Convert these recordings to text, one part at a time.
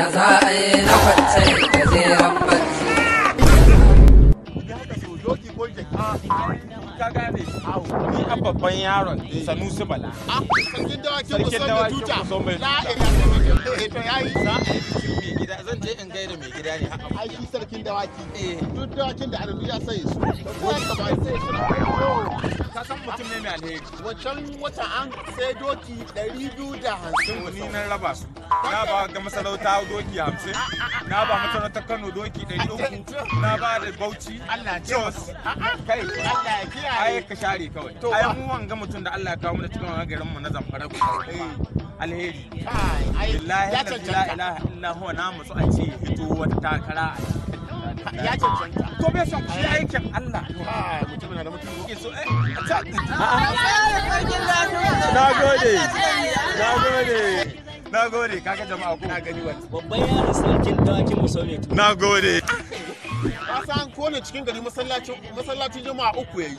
da za a yi na kwanciyar gajeren bacci. ni a babban yaron sanusi bala sarkin musamman tuta za eh, a yi mai gida zan je in gaida mai gida ne ai shi sarkin dawaki eh. duk dawakin da arabi ya sai su wani sai su ka san mutum ne mai alheri wancan wata an sai doki nan raba su na ba ga masarauta doki hamsin na ba masarautar kano doki ɗari uku na ba da bauchi jos kai ayi, ka share kawai ai mu wanga mutum da allah ya kawo mana cikin wanga garin mu na zamfara ku alheri billahi la ilaha illa huwa na musu a ce hito wata takara ya cancanta to bai son ku aikin allah mutum na da mutum ke so eh na gode na gode na gode kaga jama'a ku na gani wata babban yaron sarkin dawakin musaulatu na gode ka san ko ne cikin gari masallacin masallacin juma'a uku yayi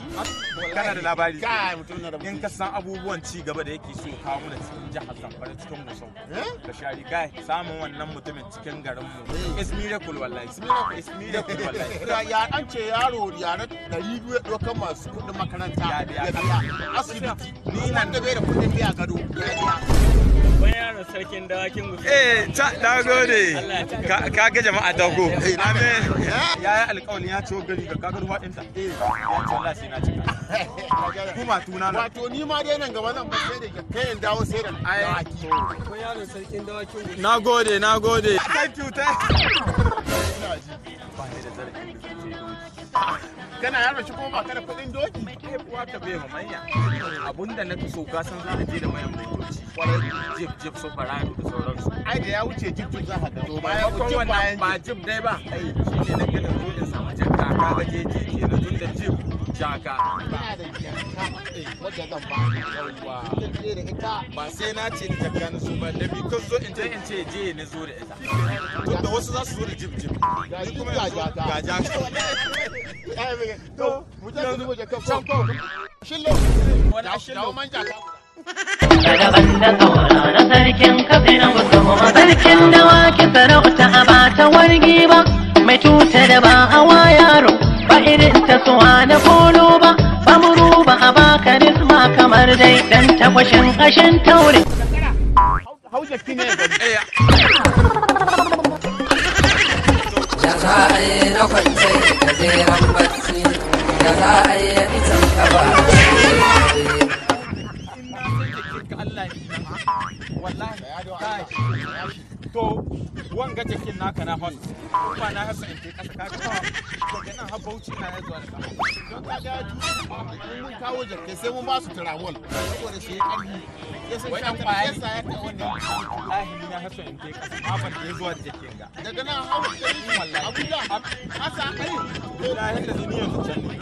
kana da labari kai mutum na da in ka san abubuwan ci gaba da yake so kawo mu da cikin jihar Zamfara cikin Musau eh? ka shari kai samun wannan mutumin cikin garin mu eh. is miracle wallahi is miracle wallahi ya an ce yaro ya na 200 dokan masu kudin makaranta ya asibiti ni nan da bai da kudin biya gado ya Babban yaron sarkin dawakin gudu. Eh, na gode. Ka ga jama'a dago. Eh, Amin. Ya yi alƙawari ya ciwo gari ga kagar faɗinta. Eh, Allah sai na cika. Kuma tuna na. Wato ni ma dai nan gaba zan fasai da kayan dawo sai da dawaki. Babban yaron sarkin dawakin gudu. Na gode, na gode. Thank you, thank kana yaro shi kuma ba ka da kuɗin doki? Ai, uwa ta bai mamanya. Abunda na so ka san za a je da mayan jib jib su farano da sauransu ai da ya wuce jib jib za ka ga to bayan wuce wannan ba jib dai ba ai shine nake da zo in samu jakka ka ga jeje kenan tun da jib jaka eh, wadda zan ba yawa da ita ba sai na ce ni jakka na so ba da bi ko zo in je in ce je na zo da ita to da wasu za su zo da jib jib ni kuma ga jaka ga jaka to mu je mu je kan ko shillo wani shillo man jaka Daga banda kawana na sarkin Katsina na musamman sarkin dawa ki sarauta a ba ta wargi ba mai tuta da ba hawa yaro ba irin ta suwa kolo ba ba muru ba a ba karisma kamar dai dan takwashin ashin taure. Ya za a yi na kwance da jeran bacci, ya za a yi isan kaba. ka Allah ne wallahi to wanga jakin naka na hot ba na hasa in kai kasa kaga daga nan har bauchi na yazo da don ka ga mun kawo jakai sai mun ba su trawol saboda shi kanni ya san ya sa ya ta wannan wallahi na hasa in kai kasa ba ban da zuwa ga daga nan har wallahi abunda hasa kai wallahi da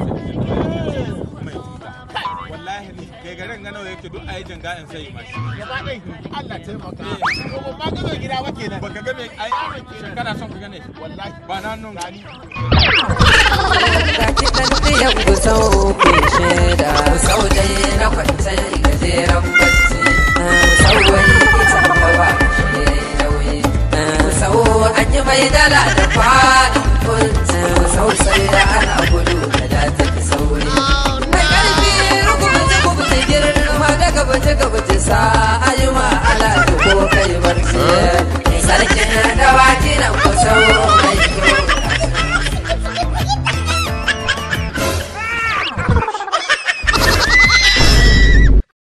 jahili kai garin gano yake duk a yi janga gaba ɗai Allah taimaka eh. ba ga gida ba kenan baka ga shekara son ku gane wallahi ba na nun gani Kaki ɗan na gajeren wani ita ba shi ne nauyi, an yi mai dala da fara.